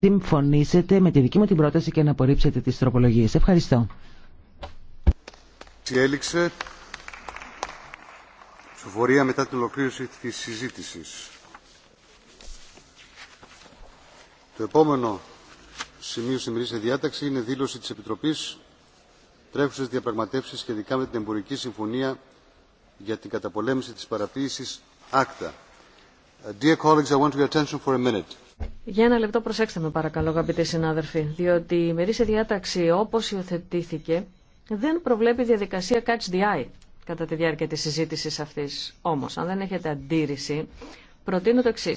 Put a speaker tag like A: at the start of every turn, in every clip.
A: συμφωνήσετε με τη δική μου την πρόταση και να απορρίψετε τις τροπολογίες. Ευχαριστώ.
B: Έληξε ψηφορία μετά την ολοκλήρωση της συζήτησης. Το επόμενο σημείο σημερινής διάταξη είναι δήλωση της Επιτροπής τρέχουσες διαπραγματεύσεις σχετικά με την εμπορική συμφωνία για την καταπολέμηση της παραποίησης άκτα. Uh, dear colleagues, I want your attention for a minute.
C: Για ένα λεπτό προσέξτε με παρακαλώ αγαπητοί συνάδελφοι, διότι η μερίσια διάταξη όπως υιοθετήθηκε δεν προβλέπει διαδικασία catch the eye κατά τη διάρκεια της συζήτησης αυτής. Όμως, αν δεν έχετε αντίρρηση, προτείνω το εξή.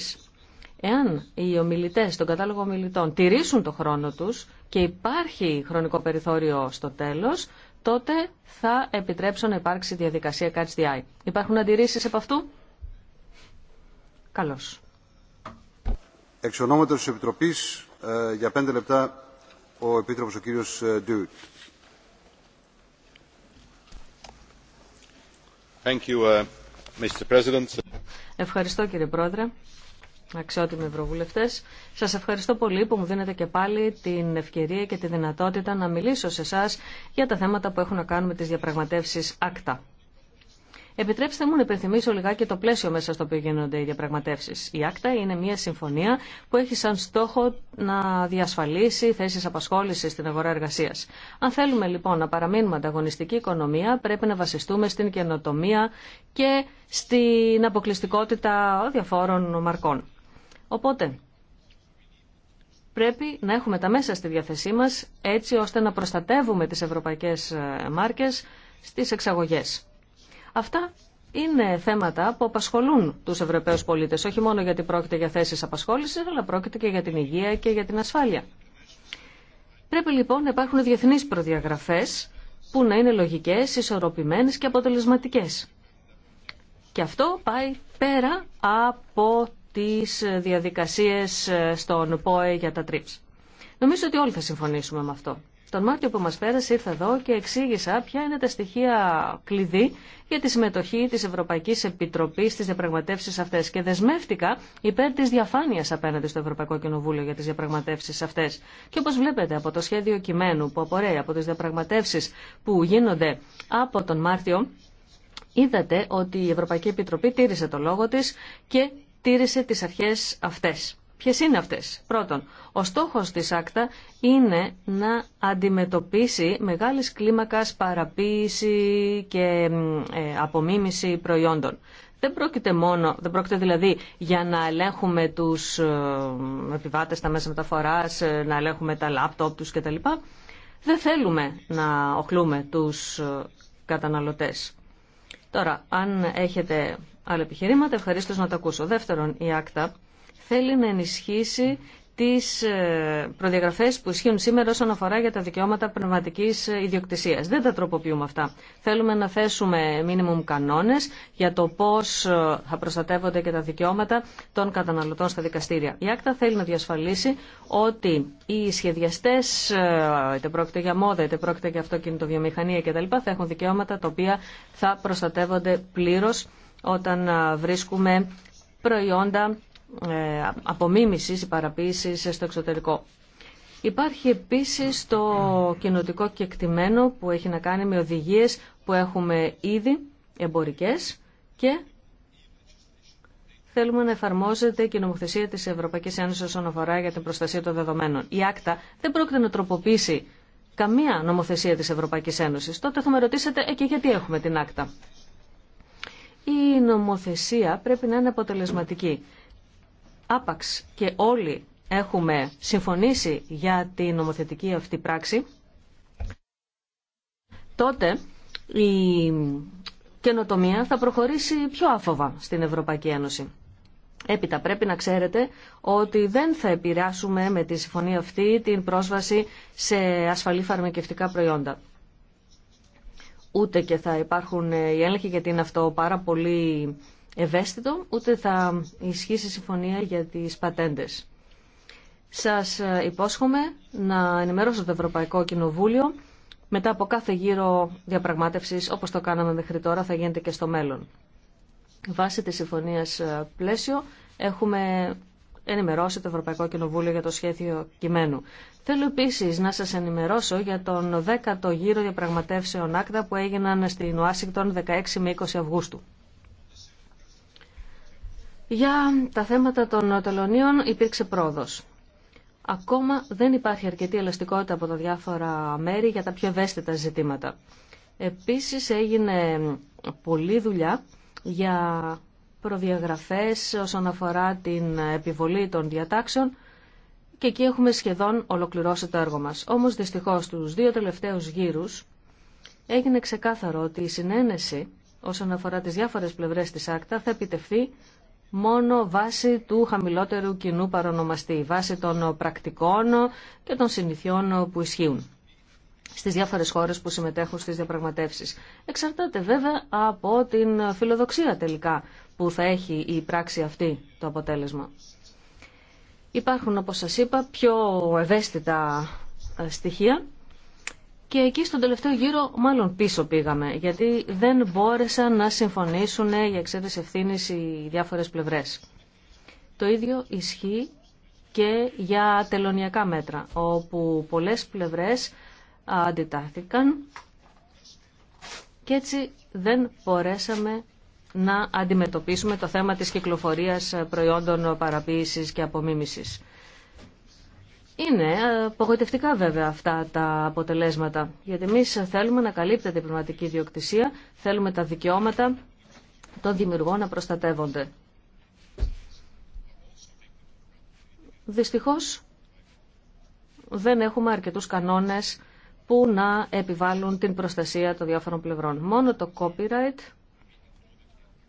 C: Εάν οι ομιλητές στον κατάλογο ομιλητών τηρήσουν το χρόνο τους και υπάρχει χρονικό περιθώριο στο τέλος, τότε θα επιτρέψω να υπάρξει διαδικασία catch the eye. Υπάρχουν αντιρρήσεις από αυτού? Καλώς.
B: Εξ ονόματος της Επιτροπής, ε, για πέντε λεπτά, ο Επίτροπος ο κύριος ε, Ντουιτ. Uh,
C: ευχαριστώ κύριε Πρόεδρε, αξιότιμοι ευρωβουλευτές. Σας ευχαριστώ πολύ που μου δίνετε και πάλι την ευκαιρία και τη δυνατότητα να μιλήσω σε εσά για τα θέματα που έχουν να κάνουν με τις διαπραγματεύσεις ΑΚΤΑ. Επιτρέψτε μου να υπενθυμίσω λιγάκι το πλαίσιο μέσα στο οποίο γίνονται οι διαπραγματεύσει. Η ΑΚΤΑ είναι μια συμφωνία που έχει σαν στόχο να διασφαλίσει θέσει απασχόληση στην αγορά εργασία. Αν θέλουμε λοιπόν να παραμείνουμε ανταγωνιστική οικονομία, πρέπει να βασιστούμε στην καινοτομία και στην αποκλειστικότητα διαφόρων μαρκών. Οπότε, πρέπει να έχουμε τα μέσα στη διάθεσή μας έτσι ώστε να προστατεύουμε τις ευρωπαϊκές μάρκες στις εξαγωγές. Αυτά είναι θέματα που απασχολούν τους Ευρωπαίους πολίτες, όχι μόνο γιατί πρόκειται για θέσεις απασχόλησης, αλλά πρόκειται και για την υγεία και για την ασφάλεια. Πρέπει λοιπόν να υπάρχουν διεθνείς προδιαγραφές που να είναι λογικές, ισορροπημένες και αποτελεσματικές. Και αυτό πάει πέρα από τις διαδικασίες στον ΠΟΕ για τα TRIPS. Νομίζω ότι όλοι θα συμφωνήσουμε με αυτό. Τον Μάρτιο που μας πέρασε ήρθα εδώ και εξήγησα ποια είναι τα στοιχεία κλειδί για τη συμμετοχή της Ευρωπαϊκής Επιτροπής στις διαπραγματεύσεις αυτές και δεσμεύτηκα υπέρ της διαφάνειας απέναντι στο Ευρωπαϊκό Κοινοβούλιο για τις διαπραγματεύσεις αυτές. Και όπως βλέπετε από το σχέδιο κειμένου που απορρέει από τις διαπραγματεύσεις που γίνονται από τον Μάρτιο, είδατε ότι η Ευρωπαϊκή Επιτροπή τήρησε το λόγο της και τήρησε τις αρχές αυτές. Ποιες είναι αυτές. Πρώτον, ο στόχος της ΑΚΤΑ είναι να αντιμετωπίσει μεγάλες κλίμακας παραποίηση και ε, απομίμηση προϊόντων. Δεν πρόκειται μόνο, δεν πρόκειται δηλαδή για να ελέγχουμε τους ε, επιβάτες στα μέσα μεταφοράς, ε, να ελέγχουμε τα λάπτοπ τους κτλ. Δεν θέλουμε να οχλούμε τους καταναλωτές. Τώρα, αν έχετε άλλα επιχειρήματα, ευχαρίστως να τα ακούσω. Δεύτερον, η ΑΚΤΑ θέλει να ενισχύσει τις ε, προδιαγραφές που ισχύουν σήμερα όσον αφορά για τα δικαιώματα πνευματικής ιδιοκτησίας. Δεν τα τροποποιούμε αυτά. Θέλουμε να θέσουμε μίνιμουμ κανόνες για το πώς ε, θα προστατεύονται και τα δικαιώματα των καταναλωτών στα δικαστήρια. Η Άκτα θέλει να διασφαλίσει ότι οι σχεδιαστές, ε, είτε πρόκειται για μόδα, είτε πρόκειται για αυτοκινητοβιομηχανία κτλ. θα έχουν δικαιώματα τα οποία θα προστατεύονται πλήρως όταν βρίσκουμε προϊόντα ε, απομίμησης ή παραποίησης στο εξωτερικό. Υπάρχει επίσης το κοινοτικό κεκτημένο που έχει να κάνει με οδηγίες που έχουμε ήδη εμπορικές και θέλουμε να εφαρμόζεται και η νομοθεσία της Ευρωπαϊκής Ένωσης όσον αφορά για την προστασία των δεδομένων. Η άκτα δεν πρόκειται να τροποποιήσει καμία νομοθεσία της Ευρωπαϊκής Ένωσης. Τότε θα με ρωτήσετε, ε, και γιατί έχουμε την άκτα. Η νομοθεσία πρέπει να είναι αποτελεσματική άπαξ και όλοι έχουμε συμφωνήσει για την νομοθετική αυτή πράξη, τότε η καινοτομία θα προχωρήσει πιο άφοβα στην Ευρωπαϊκή Ένωση. Έπειτα πρέπει να ξέρετε ότι δεν θα επηρεάσουμε με τη συμφωνία αυτή την πρόσβαση σε ασφαλή φαρμακευτικά προϊόντα. Ούτε και θα υπάρχουν οι έλεγχοι γιατί είναι αυτό πάρα πολύ ευαίσθητο, ούτε θα ισχύσει συμφωνία για τις πατέντες. Σας ε, υπόσχομαι να ενημερώσω το Ευρωπαϊκό Κοινοβούλιο μετά από κάθε γύρο διαπραγμάτευσης, όπως το κάναμε μέχρι τώρα, θα γίνεται και στο μέλλον. Βάσει της συμφωνίας ε, πλαίσιο έχουμε ενημερώσει το Ευρωπαϊκό Κοινοβούλιο για το σχέδιο κειμένου. Θέλω επίσης να σας ενημερώσω για τον 10ο γύρο διαπραγματεύσεων άκτα που έγιναν στην Ουάσιγκτον 16 με 20 Αυγούστου. Για τα θέματα των τελωνίων υπήρξε πρόοδος. Ακόμα δεν υπάρχει αρκετή ελαστικότητα από τα διάφορα μέρη για τα πιο ευαίσθητα ζητήματα. Επίσης έγινε πολλή δουλειά για προδιαγραφές όσον αφορά την επιβολή των διατάξεων και εκεί έχουμε σχεδόν ολοκληρώσει το έργο μας. Όμως δυστυχώς τους δύο τελευταίους γύρους έγινε ξεκάθαρο ότι η συνένεση όσον αφορά τις διάφορες πλευρές της άκτα θα επιτευχθεί μόνο βάσει του χαμηλότερου κοινού παρονομαστή, βάσει των πρακτικών και των συνηθιών που ισχύουν στις διάφορες χώρες που συμμετέχουν στις διαπραγματεύσεις. Εξαρτάται βέβαια από την φιλοδοξία τελικά που θα έχει η πράξη αυτή το αποτέλεσμα. Υπάρχουν, όπως σας είπα, πιο ευαίσθητα ε, στοιχεία και εκεί στον τελευταίο γύρο μάλλον πίσω πήγαμε, γιατί δεν μπόρεσαν να συμφωνήσουν για εξέδεση ευθύνη οι διάφορες πλευρές. Το ίδιο ισχύει και για τελωνιακά μέτρα, όπου πολλές πλευρές αντιτάθηκαν και έτσι δεν μπορέσαμε να αντιμετωπίσουμε το θέμα της κυκλοφορίας προϊόντων παραποίησης και απομίμησης. Είναι απογοητευτικά βέβαια αυτά τα αποτελέσματα, γιατί εμεί θέλουμε να καλύπτεται η πνευματική ιδιοκτησία, θέλουμε τα δικαιώματα των δημιουργών να προστατεύονται. Δυστυχώς δεν έχουμε αρκετούς κανόνες που να επιβάλλουν την προστασία των διάφορων πλευρών. Μόνο το copyright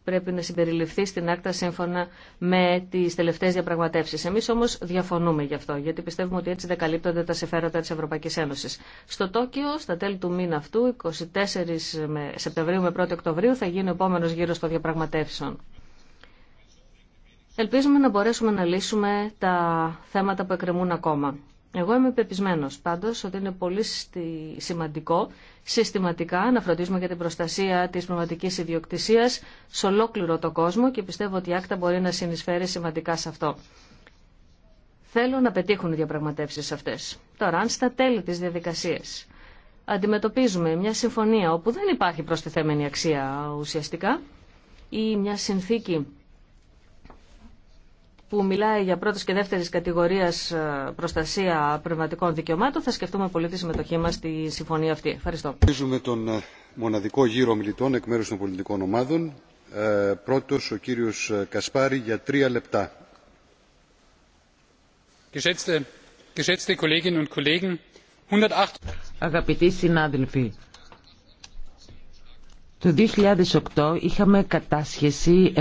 C: πρέπει να συμπεριληφθεί στην άκτα σύμφωνα με τι τελευταίε διαπραγματεύσει. Εμεί όμω διαφωνούμε γι' αυτό, γιατί πιστεύουμε ότι έτσι δεν καλύπτονται τα συμφέροντα τη Ευρωπαϊκή Ένωση. Στο Τόκιο, στα τέλη του μήνα αυτού, 24 Σεπτεμβρίου με 1 Οκτωβρίου, θα γίνει ο επόμενο γύρο των διαπραγματεύσεων. Ελπίζουμε να μπορέσουμε να λύσουμε τα θέματα που εκκρεμούν ακόμα. Εγώ είμαι πεπισμένο πάντως ότι είναι πολύ σημαντικό συστηματικά να φροντίζουμε για την προστασία της πνευματική ιδιοκτησία σε ολόκληρο το κόσμο και πιστεύω ότι η Άκτα μπορεί να συνεισφέρει σημαντικά σε αυτό. Θέλω να πετύχουν οι διαπραγματεύσεις αυτές. Τώρα, αν στα τέλη της διαδικασίας αντιμετωπίζουμε μια συμφωνία όπου δεν υπάρχει προστιθέμενη αξία ουσιαστικά ή μια συνθήκη που μιλάει για πρώτης και δεύτερης κατηγορίας ε, προστασία πνευματικών δικαιωμάτων, θα σκεφτούμε πολύ τη συμμετοχή μας στη συμφωνία αυτή. Ευχαριστώ.
B: Ευχαριστούμε τον ε, μοναδικό γύρο μιλητών εκ μέρους των πολιτικών ομάδων. Ε, πρώτος ο κύριος ε, Κασπάρη για τρία λεπτά.
A: Αγαπητοί συνάδελφοι, το 2008 είχαμε κατάσχεση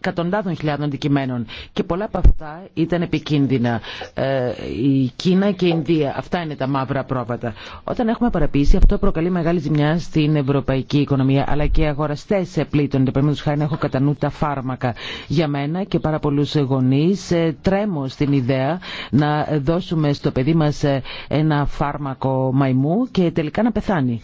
A: Κατοντάδων χιλιάδων αντικειμένων και πολλά από αυτά ήταν επικίνδυνα. Ε, η Κίνα και η Ινδία, αυτά είναι τα μαύρα πρόβατα. Όταν έχουμε παραποίηση αυτό προκαλεί μεγάλη ζημιά στην ευρωπαϊκή οικονομία αλλά και οι αγοραστέ πλήττονται. τους χάρη έχω κατά νου τα φάρμακα. Για μένα και πάρα πολλού γονεί ε, τρέμω στην ιδέα να δώσουμε στο παιδί μα ε, ένα φάρμακο μαϊμού και τελικά να πεθάνει.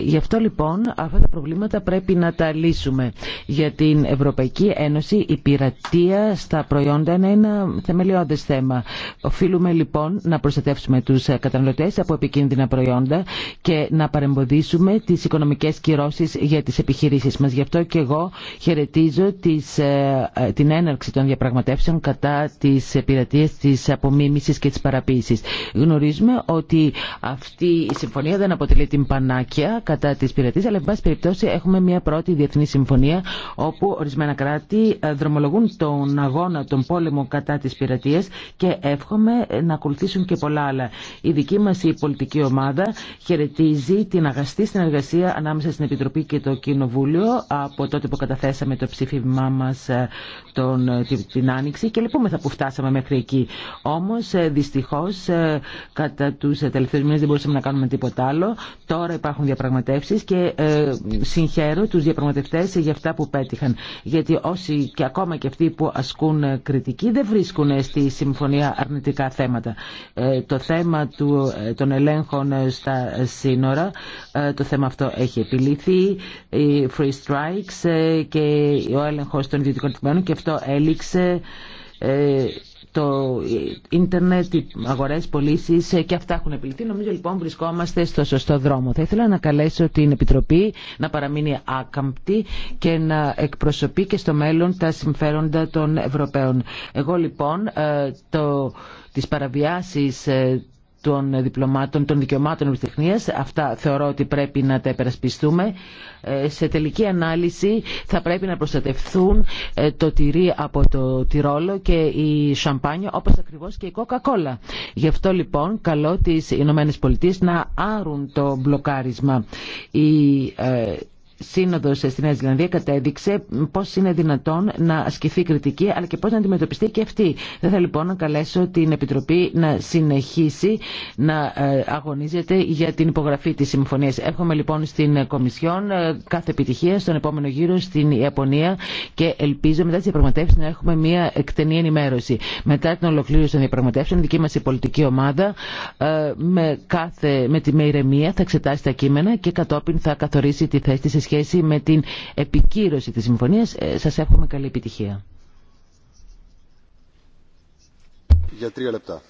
A: Γι' αυτό λοιπόν αυτά τα προβλήματα πρέπει να τα λύσουμε. Για την Ευρωπαϊκή Ένωση η πειρατεία στα προϊόντα είναι ένα θεμελιώδες θέμα. Οφείλουμε λοιπόν να προστατεύσουμε τους καταναλωτές από επικίνδυνα προϊόντα και να παρεμποδίσουμε τις οικονομικές κυρώσεις για τις επιχειρήσεις μας. Γι' αυτό και εγώ χαιρετίζω τις, ε, ε, την έναρξη των διαπραγματεύσεων κατά της πειρατείας, της απομίμησης και της παραποίησης. Γνωρίζουμε ότι αυτή η συμφωνία δεν αποτελεί την πανάκια κατά τη πυρετή. αλλά εν πάση περιπτώσει έχουμε μια πρώτη διεθνή συμφωνία όπου ορισμένα κράτη ε, δρομολογούν τον αγώνα, τον πόλεμο κατά τη πυρετή και εύχομαι ε, να ακολουθήσουν και πολλά άλλα. Η δική μα η πολιτική ομάδα χαιρετίζει την αγαστή συνεργασία ανάμεσα στην Επιτροπή και το Κοινοβούλιο από τότε που καταθέσαμε το ψήφιμά μα ε, την Άνοιξη και θα που φτάσαμε μέχρι εκεί. Όμω, δυστυχώ, κατά του τελευταίου μήνε δεν μπορούσαμε να κάνουμε τίποτα άλλο. Τώρα υπάρχουν διαπραγματεύσει και ε, συγχαίρω τους διαπραγματευτές για αυτά που πέτυχαν. Γιατί όσοι και ακόμα και αυτοί που ασκούν κριτική δεν βρίσκουν στη συμφωνία αρνητικά θέματα. Ε, το θέμα ε, των ελέγχων στα σύνορα, το θέμα αυτό έχει επιληθεί, οι free strikes και ο έλεγχο των ιδιωτικών τμήματων και αυτό έληξε το ίντερνετ, οι αγορές, πωλήσει ε, και αυτά έχουν επιληθεί. Νομίζω λοιπόν βρισκόμαστε στο σωστό δρόμο. Θα ήθελα να καλέσω την Επιτροπή να παραμείνει άκαμπτη και να εκπροσωπεί και στο μέλλον τα συμφέροντα των Ευρωπαίων. Εγώ λοιπόν ε, το, τις παραβιάσεις ε, των διπλωμάτων, των δικαιωμάτων ευρυστεχνίας. Αυτά θεωρώ ότι πρέπει να τα επερασπιστούμε. Ε, σε τελική ανάλυση θα πρέπει να προστατευθούν ε, το τυρί από το τυρόλο και η σαμπάνια όπως ακριβώς και η κοκακόλα. κολα Γι' αυτό λοιπόν καλό τις Ηνωμένες Πολιτείες να άρουν το μπλοκάρισμα. Ε, Σύνοδο στη Νέα Ζηλανδία κατέδειξε πώ είναι δυνατόν να ασκηθεί κριτική αλλά και πώ να αντιμετωπιστεί και αυτή. Δεν θα λοιπόν να καλέσω την Επιτροπή να συνεχίσει να ε, αγωνίζεται για την υπογραφή τη συμφωνία. Εύχομαι λοιπόν στην Κομισιόν ε, κάθε επιτυχία στον επόμενο γύρο στην Ιαπωνία και ελπίζω μετά τι διαπραγματεύσει να έχουμε μια εκτενή ενημέρωση. Μετά την ολοκλήρωση των διαπραγματεύσεων, δική μα πολιτική ομάδα ε, με, κάθε, με τη με ηρεμία θα εξετάσει τα κείμενα και κατόπιν θα καθορίσει τη θέση της σχέση με την επικύρωση της συμφωνίας. Ε, σας εύχομαι καλή επιτυχία.
B: Για τρία λεπτά.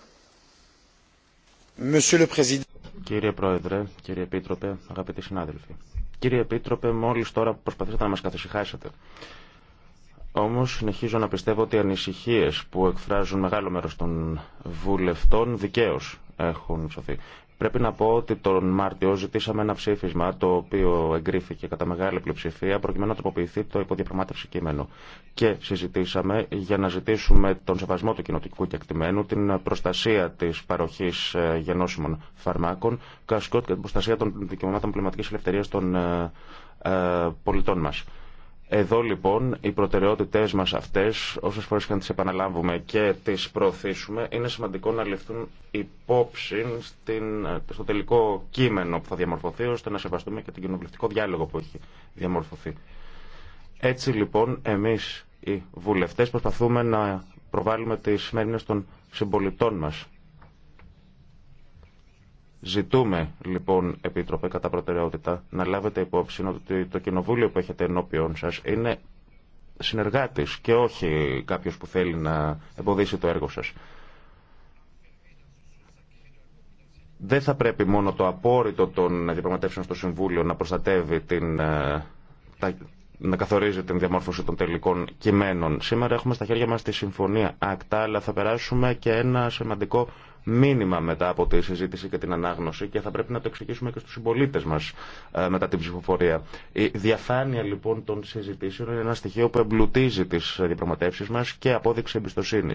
D: Κύριε Πρόεδρε, κύριε Επίτροπε, αγαπητοί συνάδελφοι. Κύριε Επίτροπε, μόλις τώρα προσπαθήσατε να μας καθυσυχάσετε. Όμως συνεχίζω να πιστεύω ότι οι ανησυχίες που εκφράζουν μεγάλο μέρος των βουλευτών δικαίως έχουν ψωθεί. Πρέπει να πω ότι τον Μάρτιο ζητήσαμε ένα ψήφισμα το οποίο εγκρίθηκε κατά μεγάλη πλειοψηφία προκειμένου να τροποποιηθεί το υποδιαπραγμάτευση κείμενο. Και συζητήσαμε για να ζητήσουμε τον σεβασμό του κοινοτικού κεκτημένου, την προστασία τη παροχή ε, γενώσιμων φαρμάκων και την προστασία των δικαιωμάτων πνευματική ελευθερία των ε, ε, πολιτών μα. Εδώ λοιπόν οι προτεραιότητέ μα αυτέ, όσε φορέ και να τι επαναλάβουμε και τι προωθήσουμε, είναι σημαντικό να ληφθούν υπόψη στην, στο τελικό κείμενο που θα διαμορφωθεί, ώστε να σεβαστούμε και τον κοινοβουλευτικό διάλογο που έχει διαμορφωθεί. Έτσι λοιπόν εμεί οι βουλευτέ προσπαθούμε να προβάλλουμε τι μέρε των συμπολιτών μα Ζητούμε λοιπόν, Επίτροπε, κατά προτεραιότητα να λάβετε υπόψη ότι το κοινοβούλιο που έχετε ενώπιον σας είναι συνεργάτης και όχι κάποιος που θέλει να εμποδίσει το έργο σας. Δεν θα πρέπει μόνο το απόρριτο των διαπραγματεύσεων στο Συμβούλιο να προστατεύει την, ε, να καθορίζει την διαμόρφωση των τελικών κειμένων. Σήμερα έχουμε στα χέρια μα τη Συμφωνία ΑΚΤΑ, αλλά θα περάσουμε και ένα σημαντικό μήνυμα μετά από τη συζήτηση και την ανάγνωση και θα πρέπει να το εξηγήσουμε και στους συμπολίτε μας ε, μετά την ψηφοφορία. Η διαφάνεια λοιπόν των συζητήσεων είναι ένα στοιχείο που εμπλουτίζει τις διαπραγματεύσεις μας και απόδειξη εμπιστοσύνη.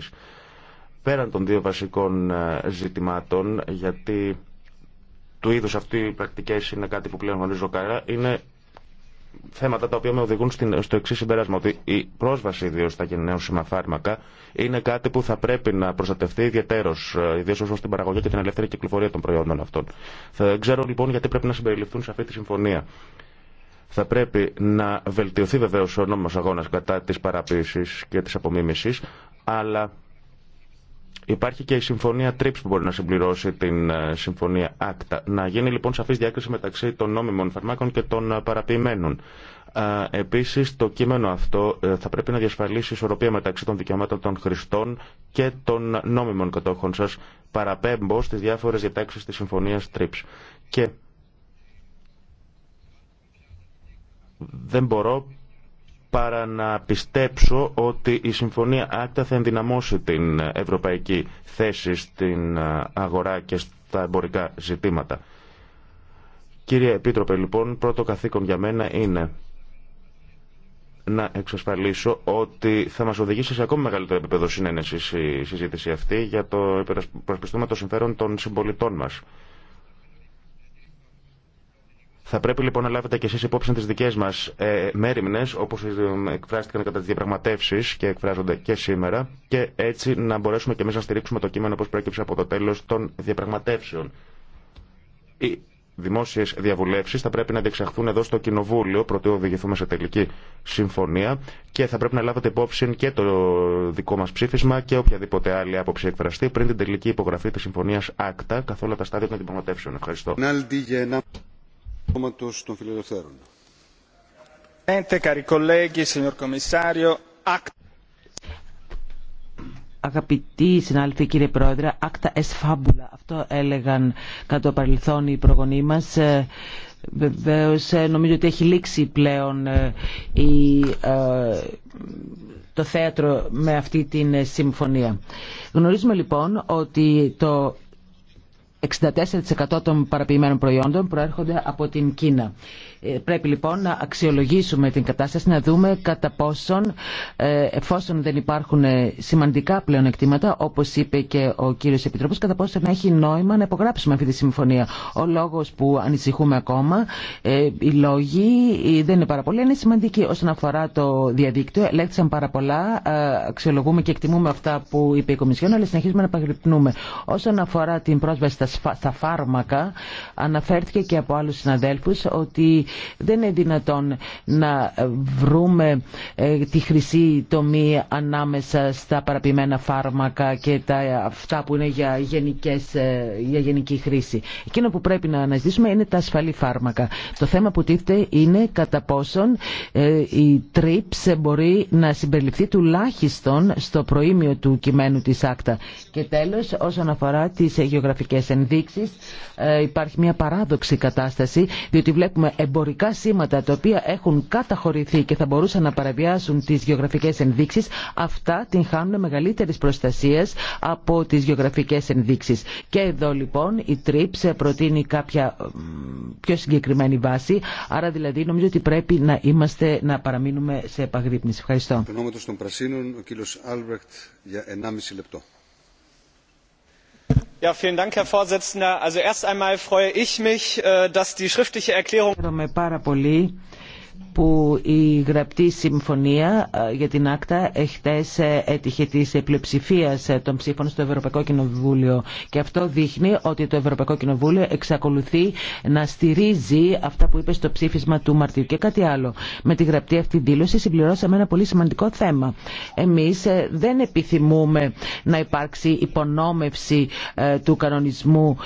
D: Πέραν των δύο βασικών ε, ζητημάτων, γιατί του είδου αυτοί οι πρακτικέ είναι κάτι που πλέον γνωρίζω καλά, είναι θέματα τα οποία με οδηγούν στο εξή συμπέρασμα, ότι η πρόσβαση ιδίω στα γενναιώσιμα φάρμακα είναι κάτι που θα πρέπει να προστατευτεί ιδιαίτερω, ε, ιδίω όσο την παραγωγή και την ελεύθερη κυκλοφορία των προϊόντων αυτών. Θα ξέρω λοιπόν γιατί πρέπει να συμπεριληφθούν σε αυτή τη συμφωνία. Θα πρέπει να βελτιωθεί βεβαίω ο νόμιμο αγώνα κατά τη παραποίηση και τη απομίμηση, αλλά Υπάρχει και η συμφωνία TRIPS που μπορεί να συμπληρώσει την ε, συμφωνία ACTA. Να γίνει λοιπόν σαφή διάκριση μεταξύ των νόμιμων φαρμάκων και των ε, παραποιημένων. Ε, Επίση, το κείμενο αυτό θα πρέπει να διασφαλίσει ισορροπία μεταξύ των δικαιωμάτων των χρηστών και των νόμιμων κατόχων σα, παραπέμπω στι διάφορε διατάξει τη συμφωνία TRIPS. Και δεν μπορώ παρά να πιστέψω ότι η Συμφωνία Άκτα θα ενδυναμώσει την ευρωπαϊκή θέση στην ε, αγορά και στα εμπορικά ζητήματα. Κύριε Επίτροπε, λοιπόν, πρώτο καθήκον για μένα είναι να εξασφαλίσω ότι θα μας οδηγήσει σε ακόμη μεγαλύτερο επίπεδο συνένεση η συζήτηση αυτή για το υπερασπιστούμε το συμφέρον των συμπολιτών μας. Θα πρέπει λοιπόν να λάβετε και εσεί υπόψη τι δικέ μα ε, μέρημνε, όπω ε, εκφράστηκαν κατά τι διαπραγματεύσει και εκφράζονται και σήμερα, και έτσι να μπορέσουμε και εμεί να στηρίξουμε το κείμενο όπω προέκυψε από το τέλο των διαπραγματεύσεων. Οι δημόσιε διαβουλεύσει θα πρέπει να διεξαχθούν εδώ στο Κοινοβούλιο, πρωτού οδηγηθούμε σε τελική συμφωνία, και θα πρέπει να λάβετε υπόψη και το δικό μα ψήφισμα και οποιαδήποτε άλλη άποψη εκφραστεί πριν την τελική υπογραφή τη συμφωνία ΑΚΤΑ καθ' όλα τα στάδια των διαπραγματεύσεων. Ευχαριστώ.
A: Αγαπητοί συνάδελφοι, κύριε Πρόεδρε, άκτα fabula. Αυτό έλεγαν κατά το παρελθόν οι προγονείς μας. Ε, βεβαίως ε, νομίζω ότι έχει λήξει πλέον ε, η, το θέατρο με αυτή την συμφωνία. Γνωρίζουμε λοιπόν ότι το 64% των παραποιημένων προϊόντων προέρχονται από την Κίνα. Ε, πρέπει λοιπόν να αξιολογήσουμε την κατάσταση, να δούμε κατά πόσον, ε, εφόσον δεν υπάρχουν ε, σημαντικά πλεονεκτήματα, όπω είπε και ο κύριο Επιτροπό, κατά πόσον έχει νόημα να υπογράψουμε αυτή τη συμφωνία. Ο λόγο που ανησυχούμε ακόμα, οι λόγοι δεν είναι πάρα πολλοί, είναι σημαντικοί. Όσον αφορά το διαδίκτυο, Ελέγχθησαν πάρα πολλά, αξιολογούμε και εκτιμούμε αυτά που είπε η Κομισιόν, αλλά συνεχίζουμε να παγρυπνούμε. Όσον αφορά την πρόσβαση στα φάρμακα, αναφέρθηκε και από άλλου συναδέλφου ότι δεν είναι δυνατόν να βρούμε ε, τη χρυσή τομή ανάμεσα στα παραπημένα φάρμακα και τα, αυτά που είναι για, γενικές, ε, για γενική χρήση. Εκείνο που πρέπει να αναζητήσουμε είναι τα ασφαλή φάρμακα. Το θέμα που τίθεται είναι κατά πόσον ε, η TRIPS μπορεί να συμπεριληφθεί τουλάχιστον στο προήμιο του κειμένου της ΑΚΤΑ. Και τέλος, όσον αφορά τις γεωγραφικές ενδείξεις, υπάρχει μια παράδοξη κατάσταση, διότι βλέπουμε εμπόδια εμπορικά σήματα τα οποία έχουν καταχωρηθεί και θα μπορούσαν να παραβιάσουν τις γεωγραφικές ενδείξεις, αυτά την χάνουν μεγαλύτερης προστασία από τις γεωγραφικές ενδείξεις. Και εδώ λοιπόν η TRIPS προτείνει κάποια πιο συγκεκριμένη βάση, άρα δηλαδή νομίζω ότι πρέπει να, είμαστε, να παραμείνουμε σε επαγρύπνηση. Ευχαριστώ.
B: ο κύριος για 1,5 λεπτό herr
D: präsident! erst einmal freue ich mich dass die schriftliche erklärung
A: που η γραπτή συμφωνία ε, για την άκτα εχθές ε, έτυχε της πλειοψηφία ε, των ψήφων στο Ευρωπαϊκό Κοινοβούλιο και αυτό δείχνει ότι το Ευρωπαϊκό Κοινοβούλιο εξακολουθεί να στηρίζει αυτά που είπε στο ψήφισμα του Μαρτίου και κάτι άλλο. Με τη γραπτή αυτή δήλωση συμπληρώσαμε ένα πολύ σημαντικό θέμα. Εμείς δεν επιθυμούμε να υπάρξει υπονόμευση του κανονισμού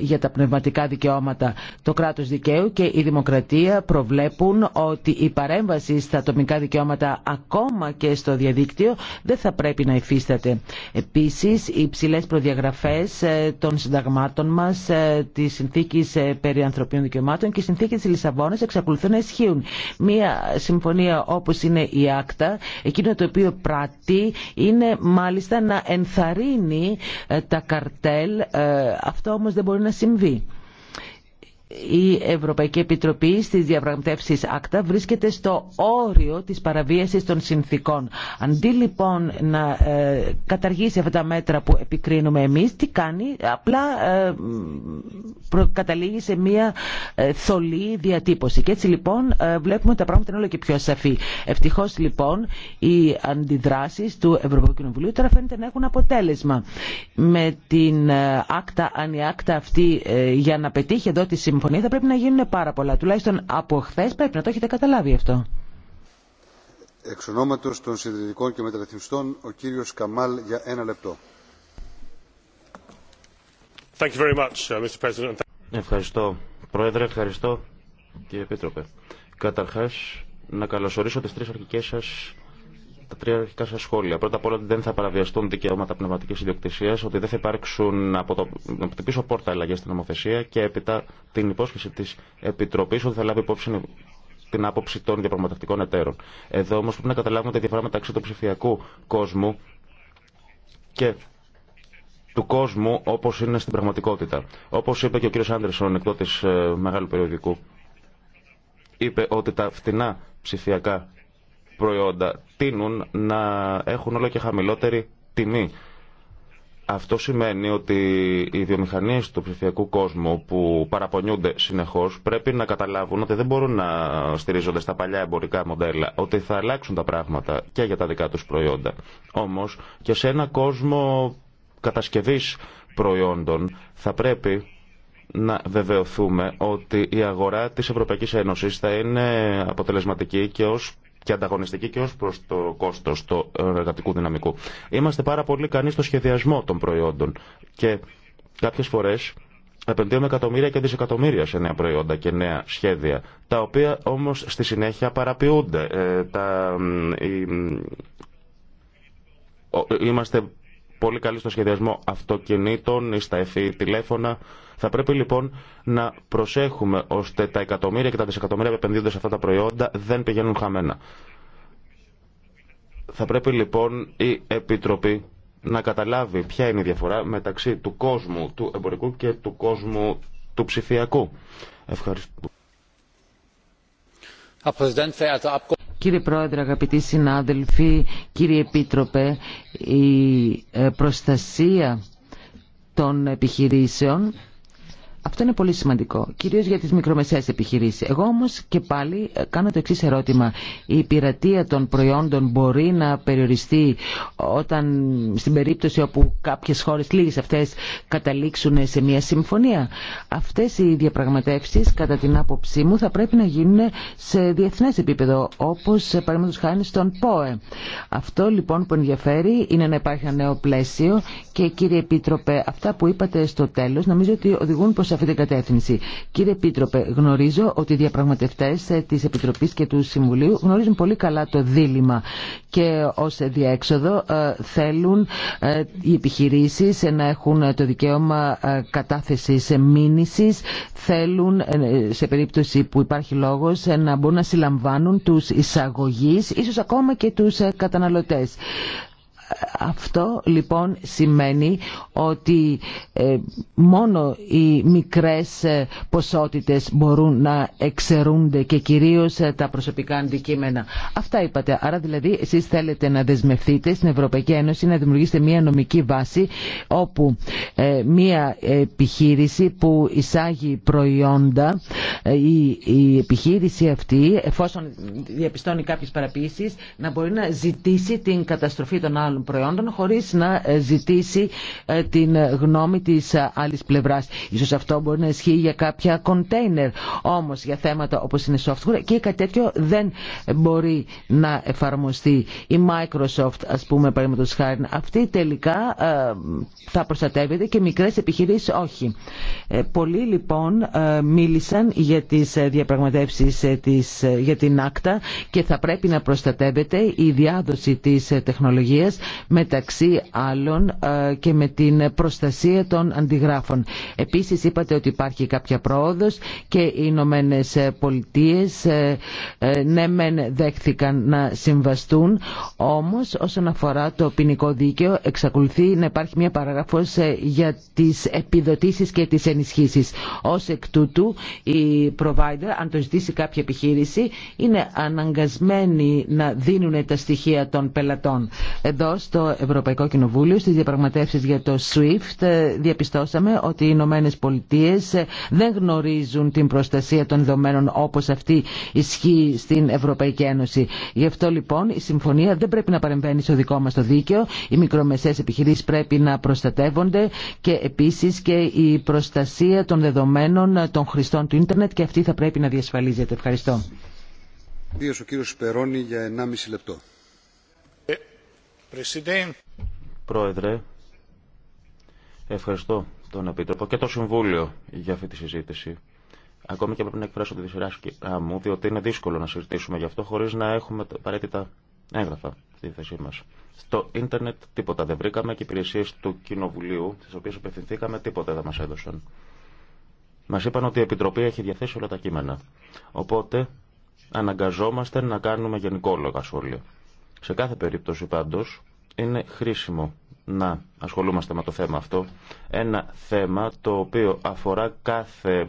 A: για τα πνευματικά δικαιώματα. Το κράτος δικαίου και η δημοκρατία προβλέπουν ότι η παρέμβαση στα ατομικά δικαιώματα ακόμα και στο διαδίκτυο δεν θα πρέπει να υφίσταται. Επίσης, οι υψηλέ προδιαγραφές ε, των συνταγμάτων μας, ε, της συνθήκης ε, περί ανθρωπίνων δικαιωμάτων και η συνθήκη της Λισαβόνας εξακολουθούν να ισχύουν. Μία συμφωνία όπως είναι η Άκτα, εκείνο το οποίο πράττει είναι μάλιστα να ενθαρρύνει τα καρτέλ. Αυτό όμως δεν μπορεί να συμβεί η Ευρωπαϊκή Επιτροπή στις διαπραγματεύσεις ΑΚΤΑ βρίσκεται στο όριο της παραβίασης των συνθήκων. Αντί λοιπόν να ε, καταργήσει αυτά τα μέτρα που επικρίνουμε εμείς, τι κάνει, απλά ε, καταλήγει σε μια ε, θολή διατύπωση. Και έτσι λοιπόν βλέπουμε τα πράγματα είναι όλο και πιο ασαφή. Ευτυχώς λοιπόν οι αντιδράσεις του Ευρωπαϊκού Κοινοβουλίου τώρα φαίνεται να έχουν αποτέλεσμα. Με την ΑΚΤΑ, αν η ΑΚΤΑ αυτή για να πετύχει εδώ τη συμφωνία θα πρέπει να γίνουν πάρα πολλά. Τουλάχιστον από χθε πρέπει να το έχετε καταλάβει αυτό.
B: Εξ ονόματος των συντηρητικών και μεταρρυθμιστών, ο κύριος Καμάλ για ένα λεπτό. Thank you very much, uh, Mr. President.
D: Ευχαριστώ. Πρόεδρε, ευχαριστώ. Κύριε Επίτροπε. Καταρχάς, να καλωσορίσω τις τρεις αρχικές σας τα τρία αρχικά σα σχόλια. Πρώτα απ' όλα ότι δεν θα παραβιαστούν δικαιώματα πνευματική ιδιοκτησία, ότι δεν θα υπάρξουν από, το, από την πίσω πόρτα αλλαγέ στην νομοθεσία και έπειτα την υπόσχεση τη Επιτροπή ότι θα λάβει υπόψη την άποψη των διαπραγματευτικών εταίρων. Εδώ όμω πρέπει να καταλάβουμε τη διαφορά μεταξύ του ψηφιακού κόσμου και του κόσμου όπω είναι στην πραγματικότητα. Όπω είπε και ο κ. Άντερσον, εκδότη ε, μεγάλου περιοδικού, είπε ότι τα φτηνά ψηφιακά προϊόντα τείνουν να έχουν όλο και χαμηλότερη τιμή. Αυτό σημαίνει ότι οι βιομηχανίε του ψηφιακού κόσμου που παραπονιούνται συνεχώ πρέπει να καταλάβουν ότι δεν μπορούν να στηρίζονται στα παλιά εμπορικά μοντέλα, ότι θα αλλάξουν τα πράγματα και για τα δικά του προϊόντα. Όμως και σε ένα κόσμο κατασκευή προϊόντων θα πρέπει να βεβαιωθούμε ότι η αγορά της Ευρωπαϊκής Ένωσης θα είναι αποτελεσματική και ως και ανταγωνιστική και ω προ το κόστο του ε, εργατικού δυναμικού. Είμαστε πάρα πολύ κανεί στο σχεδιασμό των προϊόντων και κάποιε φορέ επενδύουμε εκατομμύρια και δισεκατομμύρια σε νέα προϊόντα και νέα σχέδια, τα οποία όμω στη συνέχεια παραποιούνται. Ε, τα, είμαστε πολύ καλή στο σχεδιασμό αυτοκινήτων ή στα εφή e τηλέφωνα. Θα πρέπει λοιπόν να προσέχουμε ώστε τα εκατομμύρια και τα δισεκατομμύρια που επενδύονται σε αυτά τα προϊόντα δεν πηγαίνουν χαμένα. Θα πρέπει λοιπόν η Επιτροπή να καταλάβει ποια είναι η διαφορά μεταξύ του κόσμου του εμπορικού και του κόσμου του ψηφιακού. Ευχαριστώ.
A: Κύριε Πρόεδρε, αγαπητοί συνάδελφοι, κύριε Επίτροπε, η ε, προστασία των επιχειρήσεων αυτό είναι πολύ σημαντικό, κυρίω για τι μικρομεσαίε επιχειρήσει. Εγώ όμω και πάλι ε, κάνω το εξή ερώτημα. Η πειρατεία των προϊόντων μπορεί να περιοριστεί όταν στην περίπτωση όπου κάποιε χώρε, λίγε αυτέ, καταλήξουν σε μια συμφωνία. Αυτέ οι διαπραγματεύσει, κατά την άποψή μου, θα πρέπει να γίνουν σε διεθνέ επίπεδο, όπω ε, παραδείγματο χάρη στον ΠΟΕ. Αυτό λοιπόν που ενδιαφέρει είναι να υπάρχει ένα νέο πλαίσιο και κύριε Επίτροπε, αυτά που είπατε στο τέλο νομίζω ότι οδηγούν προ αυτή την κατεύθυνση. Κύριε Επίτροπε, γνωρίζω ότι οι διαπραγματευτέ ε, τη Επιτροπή και του Συμβουλίου γνωρίζουν πολύ καλά το δίλημα και ω διέξοδο ε, θέλουν ε, οι επιχειρήσει να έχουν το δικαίωμα κατάθεση μήνυση, θέλουν σε περίπτωση που υπάρχει λόγο να μπορούν να συλλαμβάνουν του εισαγωγεί, ίσω ακόμα και του καταναλωτέ. Αυτό λοιπόν σημαίνει ότι ε, μόνο οι μικρές ε, ποσότητες μπορούν να εξαιρούνται και κυρίως ε, τα προσωπικά αντικείμενα. Αυτά είπατε. Άρα δηλαδή εσείς θέλετε να δεσμευτείτε στην Ευρωπαϊκή Ένωση να δημιουργήσετε μια νομική βάση όπου μια επιχείρηση που εισάγει προϊόντα η επιχείρηση αυτή εφόσον διαπιστώνει κάποιες παραποιήσεις να μπορεί να ζητήσει την καταστροφή των άλλων άλλων προϊόντων χωρίς να ε, ζητήσει ε, την ε, γνώμη της άλλης πλευράς. Ίσως αυτό μπορεί να ισχύει για κάποια κοντέινερ, όμως για θέματα όπως είναι software και κάτι τέτοιο δεν μπορεί να εφαρμοστεί. Η Microsoft, ας πούμε, παραδείγματος χάρη, αυτή τελικά θα προστατεύεται και μικρές επιχειρήσεις όχι. Πολλοί λοιπόν μίλησαν για τις διαπραγματεύσεις για την άκτα και θα πρέπει να προστατεύεται η διάδοση της τεχνολογίας μεταξύ άλλων ε, και με την προστασία των αντιγράφων. Επίσης είπατε ότι υπάρχει κάποια πρόοδος και οι Ηνωμένε Πολιτείε ε, ε, ναι μεν δέχθηκαν να συμβαστούν, όμως όσον αφορά το ποινικό δίκαιο εξακολουθεί να υπάρχει μια παραγράφος για τις επιδοτήσεις και τις ενισχύσεις. Ως εκ τούτου η provider αν το ζητήσει κάποια επιχείρηση είναι αναγκασμένη να δίνουν τα στοιχεία των πελατών. Εδώ στο Ευρωπαϊκό Κοινοβούλιο στις διαπραγματεύσεις για το SWIFT διαπιστώσαμε ότι οι Ηνωμένε Πολιτείε δεν γνωρίζουν την προστασία των δεδομένων όπως αυτή ισχύει στην Ευρωπαϊκή Ένωση. Γι' αυτό λοιπόν η συμφωνία δεν πρέπει να παρεμβαίνει στο δικό μας το δίκαιο. Οι μικρομεσαίες επιχειρήσεις πρέπει να προστατεύονται και επίσης και η προστασία των δεδομένων των χρηστών του ίντερνετ και αυτή θα πρέπει να διασφαλίζεται. Ευχαριστώ.
B: Ο κύριος Σπερώνη για 1,5 λεπτό.
D: Πρόεδρε, ευχαριστώ τον Επίτροπο και το Συμβούλιο για αυτή τη συζήτηση. Ακόμη και πρέπει να εκφράσω τη δυσυρά μου, διότι είναι δύσκολο να συζητήσουμε γι' αυτό χωρίς να έχουμε απαραίτητα έγγραφα στη θέση μα. Στο ίντερνετ τίποτα δεν βρήκαμε και οι υπηρεσίε του Κοινοβουλίου, στις οποίες απευθυνθήκαμε, τίποτα δεν μας έδωσαν. Μας είπαν ότι η Επιτροπή έχει διαθέσει όλα τα κείμενα. Οπότε αναγκαζόμαστε να κάνουμε γενικό λόγο σε κάθε περίπτωση πάντως είναι χρήσιμο να ασχολούμαστε με το θέμα αυτό. Ένα θέμα το οποίο αφορά κάθε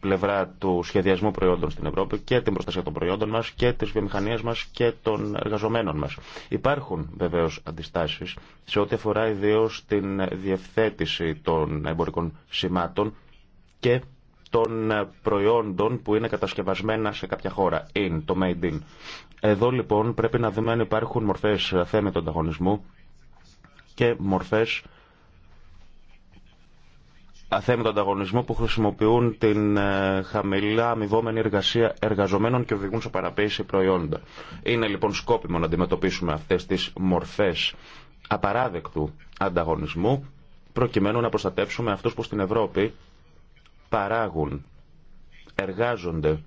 D: πλευρά του σχεδιασμού προϊόντων στην Ευρώπη και την προστασία των προϊόντων μας και της βιομηχανίας μας και των εργαζομένων μας. Υπάρχουν βεβαίως αντιστάσεις σε ό,τι αφορά ιδίως την διευθέτηση των εμπορικών σημάτων και των προϊόντων που είναι κατασκευασμένα σε κάποια χώρα. In, το made in. Εδώ λοιπόν πρέπει να δούμε αν υπάρχουν μορφές θέμη ανταγωνισμού και μορφές αθέμητο ανταγωνισμού που χρησιμοποιούν την ε, χαμηλά αμοιβόμενη εργασία εργαζομένων και οδηγούν σε παραπέση προϊόντα. Είναι λοιπόν σκόπιμο να αντιμετωπίσουμε αυτές τις μορφές απαράδεκτου ανταγωνισμού προκειμένου να προστατεύσουμε αυτούς που στην Ευρώπη παράγουν, εργάζονται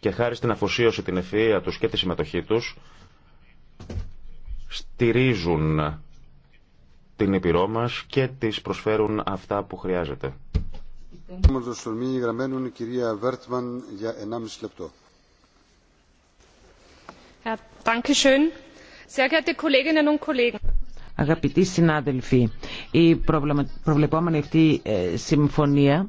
D: και χάρη στην αφοσίωση, την ευφυΐα τους και τη συμμετοχή τους, στηρίζουν την Ήπειρό μας και τις προσφέρουν αυτά που χρειάζεται.
A: Αγαπητοί συνάδελφοι, η προβλεπόμενη αυτή ε, συμφωνία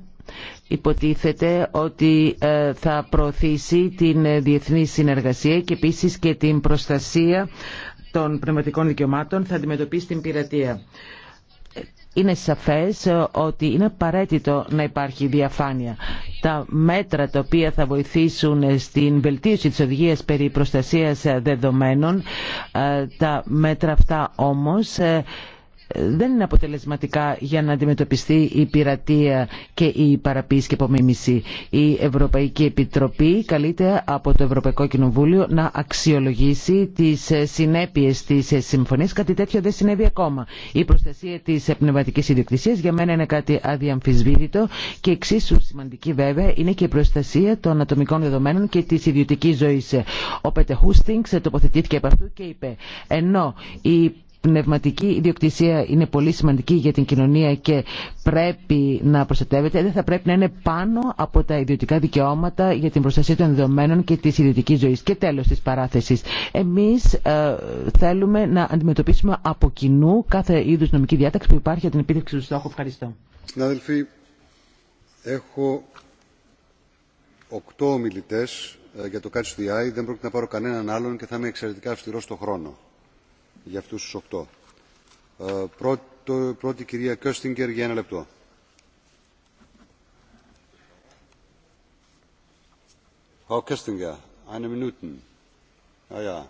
A: υποτίθεται ότι ε, θα προωθήσει την ε, διεθνή συνεργασία και επίσης και την προστασία των πνευματικών δικαιωμάτων θα αντιμετωπίσει την πειρατεία. Είναι σαφές ε, ότι είναι απαραίτητο να υπάρχει διαφάνεια. Τα μέτρα τα οποία θα βοηθήσουν στην βελτίωση της οδηγίας περί προστασίας δεδομένων, τα μέτρα αυτά όμως δεν είναι αποτελεσματικά για να αντιμετωπιστεί η πειρατεία και η παραποίηση και υπομίμηση. Η Ευρωπαϊκή Επιτροπή καλείται από το Ευρωπαϊκό Κοινοβούλιο να αξιολογήσει τις συνέπειες της συμφωνίας. Κάτι τέτοιο δεν συνέβη ακόμα. Η προστασία της πνευματικής ιδιοκτησίας για μένα είναι κάτι αδιαμφισβήτητο και εξίσου σημαντική βέβαια είναι και η προστασία των ατομικών δεδομένων και της ιδιωτικής ζωή. Ο Πέτε Χούστινγκ τοποθετήθηκε από αυτού και είπε ενώ η πνευματική ιδιοκτησία είναι πολύ σημαντική για την κοινωνία και πρέπει να προστατεύεται, δεν θα πρέπει να είναι πάνω από τα ιδιωτικά δικαιώματα για την προστασία των δεδομένων και τη ιδιωτική ζωή Και τέλο τη παράθεση. Εμεί ε, θέλουμε να αντιμετωπίσουμε από κοινού κάθε είδους νομική διάταξη που υπάρχει για την επίτευξη του στόχου. Ευχαριστώ.
B: Συνάδελφοι, έχω οκτώ ομιλητέ ε, για το Catch Δεν πρόκειται να πάρω κανέναν άλλον και θα είμαι εξαιρετικά αυστηρό στο χρόνο για αυτούς τους οκτώ. Ε, πρώτο, πρώτη κυρία Κόστιγκερ για ένα λεπτό. Ah,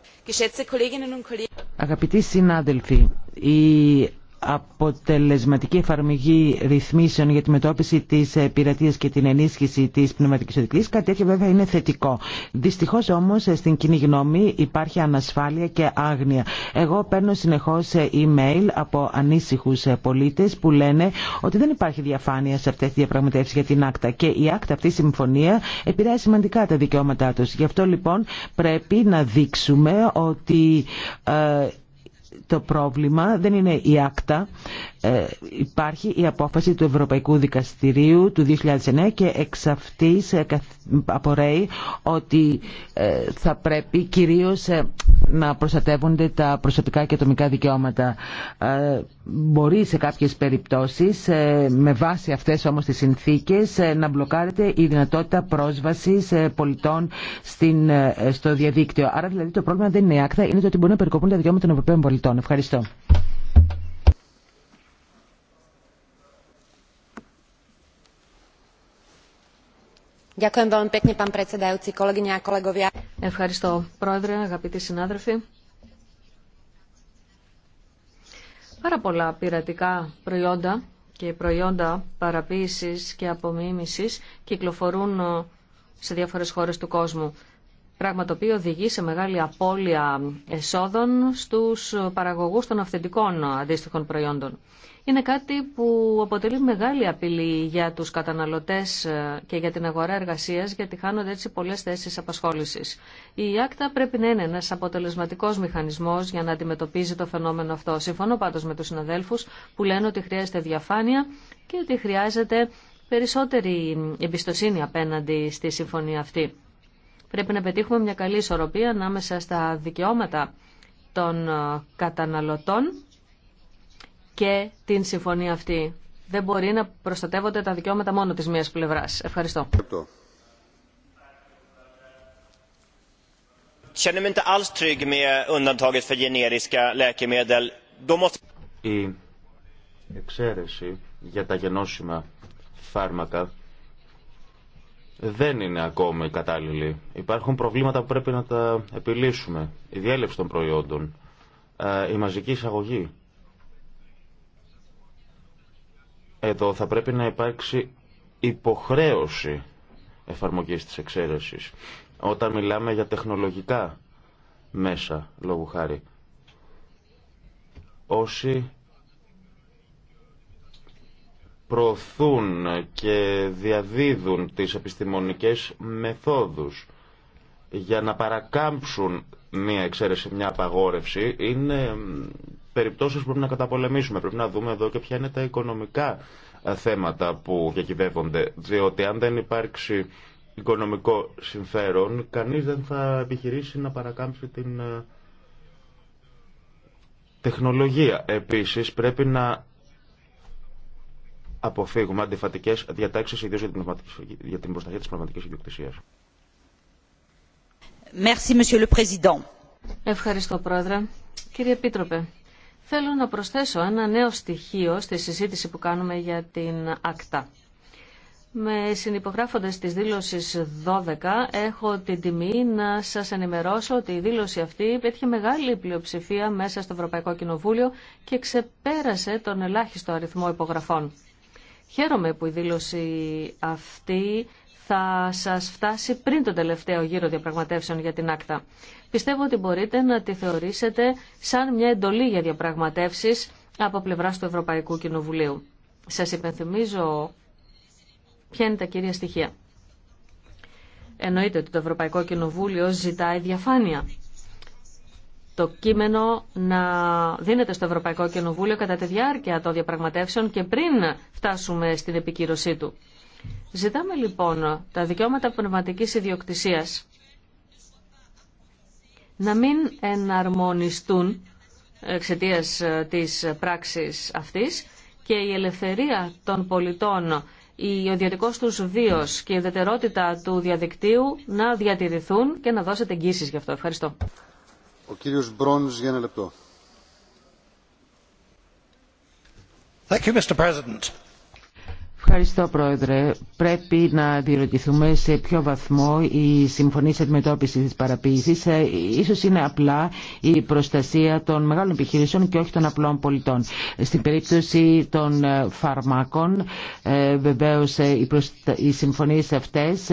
A: Αγαπητοί συνάδελφοι, η αποτελεσματική εφαρμογή ρυθμίσεων για τη μετώπιση τη πειρατεία και την ενίσχυση τη πνευματική οδηγίας, κάτι τέτοιο βέβαια είναι θετικό. Δυστυχώ όμω, στην κοινή γνώμη υπάρχει ανασφάλεια και άγνοια. Εγώ παίρνω συνεχώς email από ανήσυχου πολίτε που λένε ότι δεν υπάρχει διαφάνεια σε αυτέ τι διαπραγματεύσει για την άκτα και η άκτα αυτή η συμφωνία επηρεάζει σημαντικά τα δικαιώματά του. Γι' αυτό λοιπόν πρέπει να δείξουμε ότι ε, το πρόβλημα δεν είναι η άκτα ε, υπάρχει η απόφαση του Ευρωπαϊκού Δικαστηρίου του 2009 και εξ αυτής ε, απορρέει ότι ε, θα πρέπει κυρίως να προστατεύονται τα προσωπικά και ατομικά δικαιώματα. Μπορεί σε κάποιες περιπτώσεις, με βάση αυτές όμως τις συνθήκες, να μπλοκάρεται η δυνατότητα πρόσβασης πολιτών στο διαδίκτυο. Άρα δηλαδή το πρόβλημα δεν είναι η άκτα, είναι το ότι μπορεί να περικοπούν τα δικαιώματα των Ευρωπαίων πολιτών. Ευχαριστώ.
C: Ευχαριστώ, Πρόεδρε, αγαπητοί συνάδελφοι. Πάρα πολλά πειρατικά προϊόντα και προϊόντα παραποίησης και απομίμησης κυκλοφορούν ε, σε διάφορες χώρες του κόσμου. Πράγμα το οποίο οδηγεί σε μεγάλη απώλεια εσόδων στους παραγωγούς των αυθεντικών ε, αντίστοιχων προϊόντων είναι κάτι που αποτελεί μεγάλη απειλή για τους καταναλωτές ε, και για την αγορά εργασίας, γιατί χάνονται έτσι πολλές θέσεις απασχόλησης. Η άκτα πρέπει να είναι ένας αποτελεσματικός μηχανισμός για να αντιμετωπίζει το φαινόμενο αυτό. Συμφωνώ πάντως με τους συναδέλφους που λένε ότι χρειάζεται διαφάνεια και ότι χρειάζεται περισσότερη εμπιστοσύνη απέναντι στη συμφωνία αυτή. Πρέπει να πετύχουμε μια καλή ισορροπία ανάμεσα στα δικαιώματα των ε, καταναλωτών και την συμφωνία αυτή. Δεν μπορεί να προστατεύονται τα δικαιώματα μόνο της μίας πλευράς. Ευχαριστώ.
D: Η εξαίρεση για τα γενώσιμα φάρμακα δεν είναι ακόμη κατάλληλη. Υπάρχουν προβλήματα που πρέπει να τα επιλύσουμε. Η διέλευση των προϊόντων, ε, η μαζική εισαγωγή. Εδώ θα πρέπει να υπάρξει υποχρέωση εφαρμογής της εξαίρεσης. Όταν μιλάμε για τεχνολογικά μέσα, λόγου χάρη, όσοι προωθούν και διαδίδουν τις επιστημονικές μεθόδους για να παρακάμψουν μία εξαίρεση, μία απαγόρευση, είναι Περιπτώσει που πρέπει να καταπολεμήσουμε. Πρέπει να δούμε εδώ και ποια είναι τα οικονομικά ε, θέματα που διακυβεύονται. Διότι αν δεν υπάρξει οικονομικό συμφέρον, κανείς δεν θα επιχειρήσει να παρακάμψει την ε, τεχνολογία. Επίσης πρέπει να αποφύγουμε αντιφατικές διατάξεις, ιδίω για την προστασία τη πνευματική ιδιοκτησία.
C: Merci, Monsieur le Président. Ευχαριστώ, Πρόεδρε. Κύριε Επίτροπε, Θέλω να προσθέσω ένα νέο στοιχείο στη συζήτηση που κάνουμε για την ΑΚΤΑ. Με συνυπογράφοντας της δήλωσης 12 έχω την τιμή να σας ενημερώσω ότι η δήλωση αυτή πέτυχε μεγάλη πλειοψηφία μέσα στο Ευρωπαϊκό Κοινοβούλιο και ξεπέρασε τον ελάχιστο αριθμό υπογραφών. Χαίρομαι που η δήλωση αυτή θα σας φτάσει πριν τον τελευταίο γύρο διαπραγματεύσεων για την άκτα πιστεύω ότι μπορείτε να τη θεωρήσετε σαν μια εντολή για διαπραγματεύσεις από πλευρά του Ευρωπαϊκού Κοινοβουλίου. Σα υπενθυμίζω ποια είναι τα κύρια στοιχεία. Εννοείται ότι το Ευρωπαϊκό Κοινοβούλιο ζητάει διαφάνεια. Το κείμενο να δίνεται στο Ευρωπαϊκό Κοινοβούλιο κατά τη διάρκεια των διαπραγματεύσεων και πριν φτάσουμε στην επικύρωσή του. Ζητάμε λοιπόν τα δικαιώματα πνευματικής ιδιοκτησίας να μην εναρμονιστούν εξαιτία ε, της πράξης αυτής και η ελευθερία των πολιτών, ο ιδιωτικό τους βίος και η ιδιαιτερότητα του διαδικτύου να διατηρηθούν και να δώσετε εγγύσεις γι' αυτό. Ευχαριστώ.
A: Ευχαριστώ Πρόεδρε. Πρέπει να διερωτηθούμε σε ποιο βαθμό οι συμφωνίες αντιμετώπιση της παραποίησης ε, ίσως είναι απλά η προστασία των μεγάλων επιχειρήσεων και όχι των απλών πολιτών. Στην περίπτωση των ε, φαρμάκων ε, βεβαίως οι συμφωνίες αυτές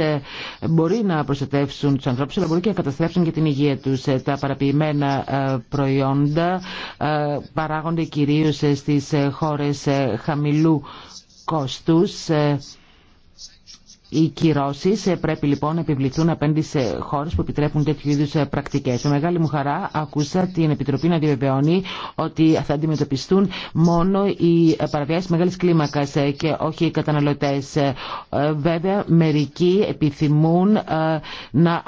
A: μπορεί να προστατεύσουν τους ανθρώπους αλλά μπορεί και να καταστρέψουν και την υγεία τους. Τα παραποιημένα προϊόντα παράγονται κυρίως στις χώρες χαμηλού κόστους ε, οι κυρώσει ε, πρέπει λοιπόν να επιβληθούν απέναντι σε χώρε που επιτρέπουν τέτοιου είδου ε, πρακτικέ. Με μεγάλη μου χαρά ακούσα την Επιτροπή να διαβεβαιώνει ότι θα αντιμετωπιστούν μόνο οι παραβιάσει μεγάλη κλίμακα και όχι οι καταναλωτέ. Βέβαια, μερικοί επιθυμούν να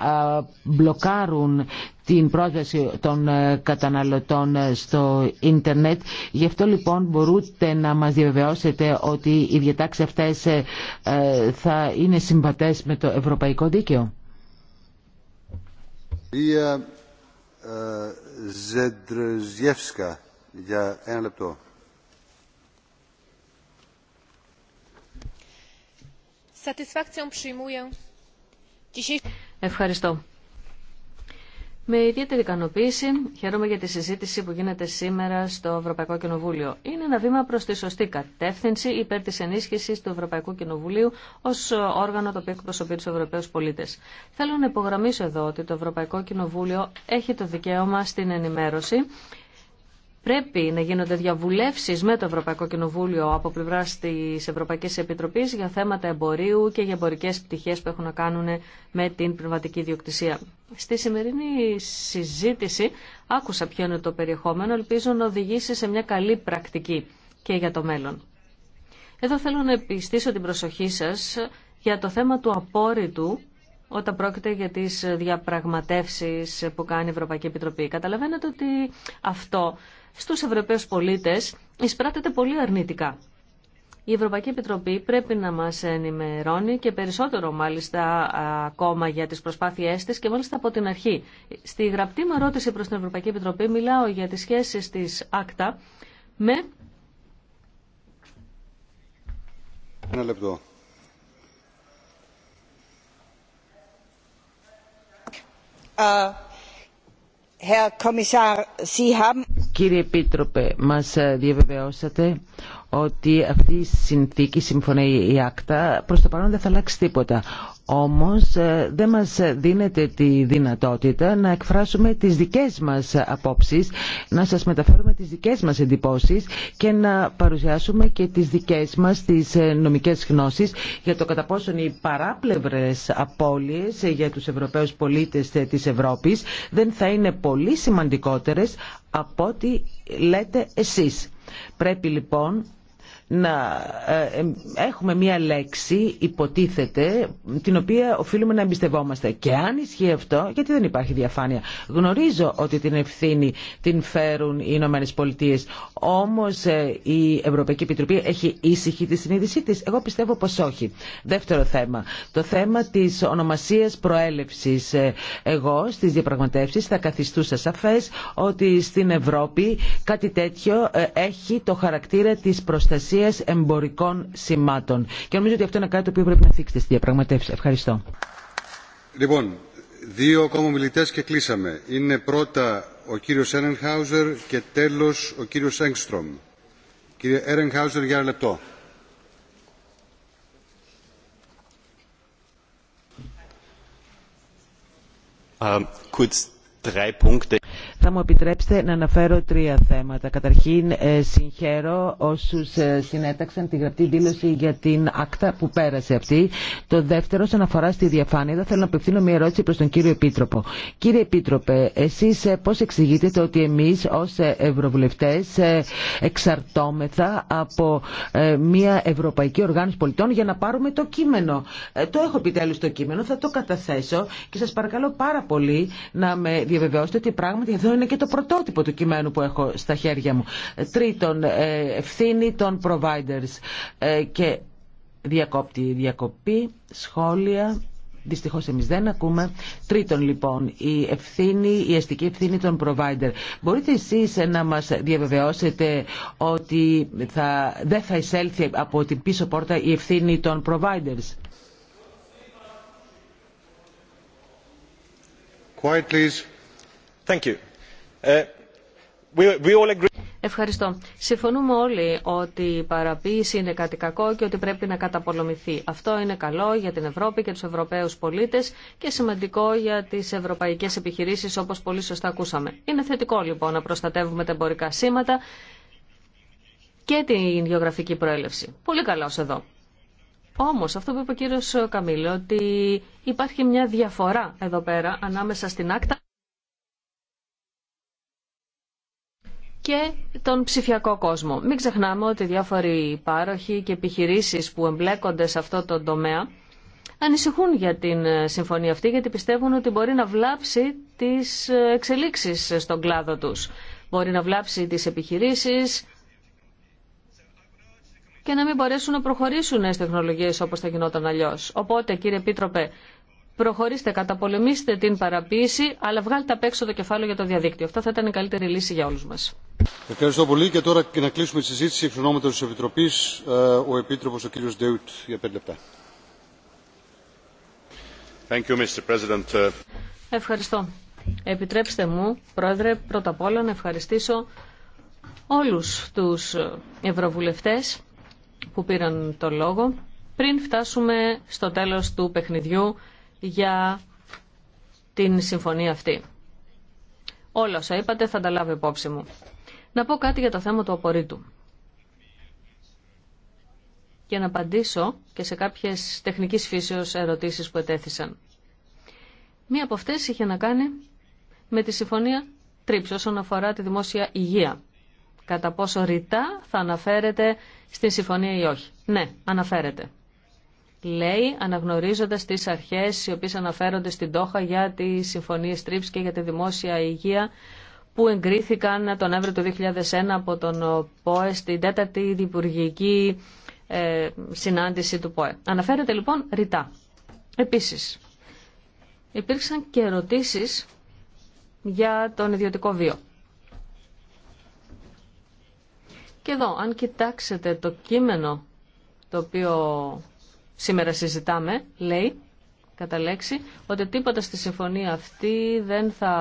A: μπλοκάρουν την πρόσβαση των ε, καταναλωτών ε, στο ίντερνετ. Γι' αυτό λοιπόν μπορούτε να μας διαβεβαιώσετε ότι οι διατάξεις αυτές ε, θα είναι συμβατές με το ευρωπαϊκό δίκαιο.
B: Κυρία Ζεντρεζιεύσκα, για ένα λεπτό.
C: Ευχαριστώ. Με ιδιαίτερη ικανοποίηση χαίρομαι για τη συζήτηση που γίνεται σήμερα στο Ευρωπαϊκό Κοινοβούλιο. Είναι ένα βήμα προ τη σωστή κατεύθυνση υπέρ τη ενίσχυση του Ευρωπαϊκού Κοινοβουλίου ω όργανο το οποίο εκπροσωπεί του Ευρωπαίου πολίτε. Θέλω να υπογραμμίσω εδώ ότι το Ευρωπαϊκό Κοινοβούλιο έχει το δικαίωμα στην ενημέρωση πρέπει να γίνονται διαβουλευσει με το Ευρωπαϊκό Κοινοβούλιο από πλευρά τη Ευρωπαϊκή Επιτροπή για θέματα εμπορίου και για εμπορικέ πτυχέ που έχουν να κάνουν με την πνευματική διοκτησία. Στη σημερινή συζήτηση άκουσα ποιο είναι το περιεχόμενο, ελπίζω να οδηγήσει σε μια καλή πρακτική και για το μέλλον. Εδώ θέλω να επιστήσω την προσοχή σας για το θέμα του απόρριτου όταν πρόκειται για τις διαπραγματεύσεις που κάνει η Ευρωπαϊκή Επιτροπή. Καταλαβαίνετε ότι αυτό στους Ευρωπαίους πολίτες εισπράτεται πολύ αρνητικά. Η Ευρωπαϊκή Επιτροπή πρέπει να μας ενημερώνει και περισσότερο μάλιστα ακόμα για τις προσπάθειές της και μάλιστα από την αρχή. Στη γραπτή μου ερώτηση προς την Ευρωπαϊκή Επιτροπή μιλάω για τις σχέσεις της ΑΚΤΑ με...
B: Ένα λεπτό.
A: Uh... Κύριε Επίτροπε, μας ε, διαβεβαιώσατε ότι αυτή η συνθήκη, συμφωνεί η Άκτα, προς το παρόν δεν θα αλλάξει τίποτα όμως ε, δεν μας δίνεται τη δυνατότητα να εκφράσουμε τις δικές μας απόψεις, να σας μεταφέρουμε τις δικές μας εντυπώσεις και να παρουσιάσουμε και τις δικές μας τις ε, νομικές γνώσεις για το κατά πόσον οι παράπλευρες απώλειες ε, για τους Ευρωπαίους πολίτες της Ευρώπης δεν θα είναι πολύ σημαντικότερες από ό,τι λέτε εσείς. Πρέπει λοιπόν να ε, ε, έχουμε μία λέξη, υποτίθεται, την οποία οφείλουμε να εμπιστευόμαστε. Και αν ισχύει αυτό, γιατί δεν υπάρχει διαφάνεια. Γνωρίζω ότι την ευθύνη την φέρουν οι Ηνωμένε Πολιτείε. Όμω ε, η Ευρωπαϊκή Επιτροπή έχει ήσυχη τη συνείδησή τη. Εγώ πιστεύω πω όχι. Δεύτερο θέμα. Το θέμα τη ονομασία προέλευση. Εγώ στι διαπραγματεύσει θα καθιστούσα σαφέ ότι στην Ευρώπη κάτι τέτοιο έχει το χαρακτήρα τη προστασία εμπορικών σημάτων. Και νομίζω ότι αυτό είναι κάτι το οποίο πρέπει να θίξετε στη διαπραγματεύση. Ευχαριστώ.
B: Λοιπόν, δύο ακόμα μιλητές και κλείσαμε. Είναι πρώτα ο κύριος Έρενχάουζερ και τέλος ο κύριος Έγκστρομ. Κύριε Έρενχάουζερ, για ένα λεπτό.
D: Uh, kurz drei Punkte.
A: Θα μου επιτρέψετε να αναφέρω τρία θέματα. Καταρχήν, ε, συγχαίρω όσου ε, συνέταξαν τη γραπτή δήλωση για την άκτα που πέρασε αυτή. Το δεύτερο, σε αφορά στη διαφάνεια, θα θέλω να απευθύνω μια ερώτηση προ τον κύριο Επίτροπο. Κύριε Επίτροπε, εσεί ε, πώ εξηγείτε ότι εμεί ω ευρωβουλευτέ εξαρτώμεθα από μια Ευρωπαϊκή Οργάνωση Πολιτών για να πάρουμε το κείμενο. Το έχω επιτέλου το κείμενο, θα το καταθέσω και σα παρακαλώ πάρα πολύ να με διαβεβαιώσετε ότι πράγματι είναι και το πρωτότυπο του κειμένου που έχω στα χέρια μου. Ε, τρίτον, ε, ευθύνη των providers ε, και διακόπτη, διακοπή, σχόλια. Δυστυχώ εμεί δεν ακούμε. Τρίτον, λοιπόν, η ευθύνη, η αστική ευθύνη των provider. Μπορείτε εσεί να μα διαβεβαιώσετε ότι θα, δεν θα εισέλθει από την πίσω πόρτα η ευθύνη των providers.
B: Quiet, please. Thank you. Ε,
C: Ευχαριστώ. Συμφωνούμε όλοι ότι η παραποίηση είναι κάτι κακό και ότι πρέπει να καταπολεμηθεί. Αυτό είναι καλό για την Ευρώπη και τους Ευρωπαίους πολίτες και σημαντικό για τις ευρωπαϊκές επιχειρήσεις όπως πολύ σωστά ακούσαμε. Είναι θετικό λοιπόν να προστατεύουμε τα εμπορικά σήματα και την γεωγραφική προέλευση. Πολύ καλός εδώ. Όμως αυτό που είπε ο κύριος Καμίλη ότι υπάρχει μια διαφορά εδώ πέρα ανάμεσα στην άκτα και τον ψηφιακό κόσμο. Μην ξεχνάμε ότι διάφοροι πάροχοι και επιχειρήσεις που εμπλέκονται σε αυτό το τομέα ανησυχούν για την συμφωνία αυτή γιατί πιστεύουν ότι μπορεί να βλάψει τις εξελίξεις στον κλάδο τους. Μπορεί να βλάψει τις επιχειρήσεις και να μην μπορέσουν να προχωρήσουν στις τεχνολογίες όπως θα γινόταν αλλιώς. Οπότε κύριε Επίτροπε, προχωρήστε, καταπολεμήστε την παραποίηση, αλλά βγάλτε απ' έξω το κεφάλαιο για το διαδίκτυο. Αυτό θα ήταν η καλύτερη λύση για όλου μα.
B: Ευχαριστώ πολύ και τώρα και να κλείσουμε τη συζήτηση εξ ονόματο τη Επιτροπή, ε, ο επίτροπο ο κ. Ντεούτ για πέντε λεπτά.
C: Ευχαριστώ. Επιτρέψτε μου, Πρόεδρε, πρώτα απ' όλα να ευχαριστήσω όλους τους ευρωβουλευτές που πήραν το λόγο πριν φτάσουμε στο τέλος του παιχνιδιού για την συμφωνία αυτή. Όλα όσα είπατε θα τα λάβω υπόψη μου. Να πω κάτι για το θέμα του απορρίτου. Και να απαντήσω και σε κάποιες τεχνικής φύσεως ερωτήσεις που ετέθησαν. Μία από αυτές είχε να κάνει με τη συμφωνία τρίψη όσον αφορά τη δημόσια υγεία. Κατά πόσο ρητά θα αναφέρεται στην συμφωνία ή όχι. Ναι, αναφέρεται λέει αναγνωρίζοντας τις αρχές οι οποίες αναφέρονται στην Τόχα για τι συμφωνίες TRIPS και για τη δημόσια υγεία που εγκρίθηκαν τον Εύρη του 2001 από τον ΠΟΕ στην τέταρτη διπουργική ε, συνάντηση του ΠΟΕ. Αναφέρεται λοιπόν ρητά. Επίσης, υπήρξαν και ερωτήσει για τον ιδιωτικό βίο. Και εδώ, αν κοιτάξετε το κείμενο το οποίο σήμερα συζητάμε, λέει, κατά λέξη, ότι τίποτα στη συμφωνία αυτή δεν θα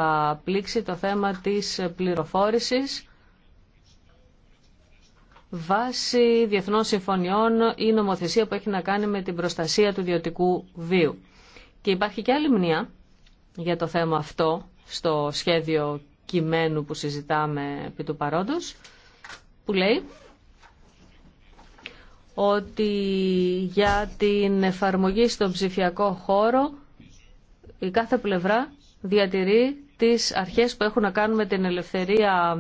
C: πλήξει το θέμα της πληροφόρησης βάσει διεθνών συμφωνιών ή νομοθεσία που έχει να κάνει με την προστασία του ιδιωτικού βίου. Και υπάρχει και άλλη μνήμα για το θέμα αυτό στο σχέδιο κειμένου που συζητάμε επί του παρόντος, που λέει ότι για την εφαρμογή στον ψηφιακό χώρο η κάθε πλευρά διατηρεί τις αρχές που έχουν να κάνουν με την ελευθερία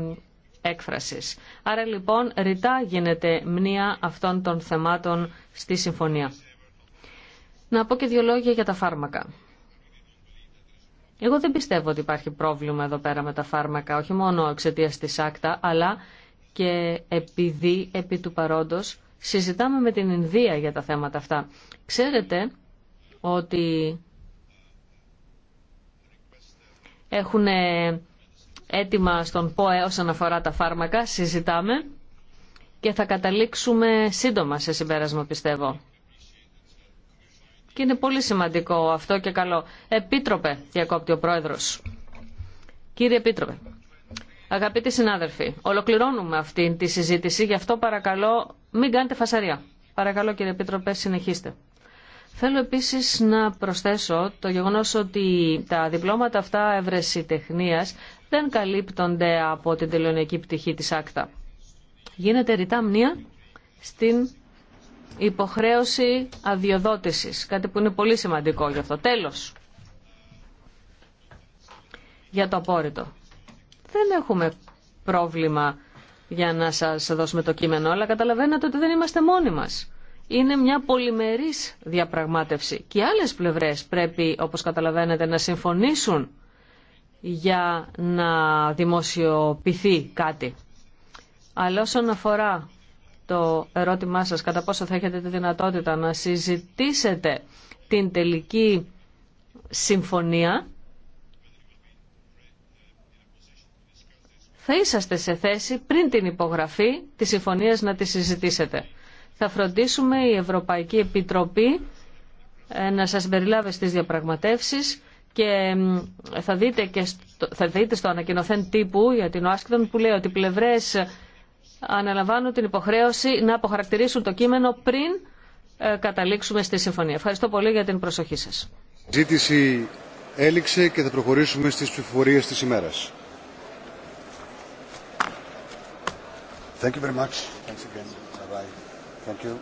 C: έκφρασης. Άρα λοιπόν ρητά γίνεται μνήα αυτών των θεμάτων στη συμφωνία. Να πω και δύο λόγια για τα φάρμακα. Εγώ δεν πιστεύω ότι υπάρχει πρόβλημα εδώ πέρα με τα φάρμακα, όχι μόνο εξαιτία της άκτα, αλλά και επειδή επί του παρόντος Συζητάμε με την Ινδία για τα θέματα αυτά. Ξέρετε ότι έχουν έτοιμα στον ΠΟΕ όσον αφορά τα φάρμακα, συζητάμε και θα καταλήξουμε σύντομα σε συμπέρασμα πιστεύω. Και είναι πολύ σημαντικό αυτό και καλό. Επίτροπε, διακόπτει ο Πρόεδρος. Κύριε Επίτροπε, αγαπητοί συνάδελφοι, ολοκληρώνουμε αυτή τη συζήτηση, γι' αυτό παρακαλώ μην κάνετε φασαρία. Παρακαλώ κύριε Επίτροπε, συνεχίστε. Θέλω επίσης να προσθέσω το γεγονός ότι τα διπλώματα αυτά τεχνίας δεν καλύπτονται από την τελειωνιακή πτυχή της άκτα. Γίνεται ρητά μνήμα στην υποχρέωση αδειοδότησης, κάτι που είναι πολύ σημαντικό γι' αυτό. Τέλος, για το απόρριτο. Δεν έχουμε πρόβλημα για να σας δώσουμε το κείμενο, αλλά καταλαβαίνετε ότι δεν είμαστε μόνοι μας. Είναι μια πολυμερής διαπραγμάτευση και οι άλλες πλευρές πρέπει, όπως καταλαβαίνετε, να συμφωνήσουν για να δημοσιοποιηθεί κάτι. Αλλά όσον αφορά το ερώτημά σας, κατά πόσο θα έχετε τη δυνατότητα να συζητήσετε την τελική συμφωνία, θα είσαστε σε θέση πριν την υπογραφή της συμφωνίας να τη συζητήσετε. Θα φροντίσουμε η Ευρωπαϊκή Επιτροπή ε, να σας περιλάβει στις διαπραγματεύσεις και θα δείτε, και στο, θα δείτε στο ανακοινωθέν τύπου για την ΟΑΣΚΔΟΝ που λέει ότι οι πλευρές αναλαμβάνουν την υποχρέωση να αποχαρακτηρίσουν το κείμενο πριν ε, καταλήξουμε στη συμφωνία. Ευχαριστώ πολύ για την προσοχή σας.
B: Η ζήτηση έληξε και θα προχωρήσουμε στις ψηφοφορίες της ημέρας. Thank you very much. Thanks again. Bye-bye. Thank you.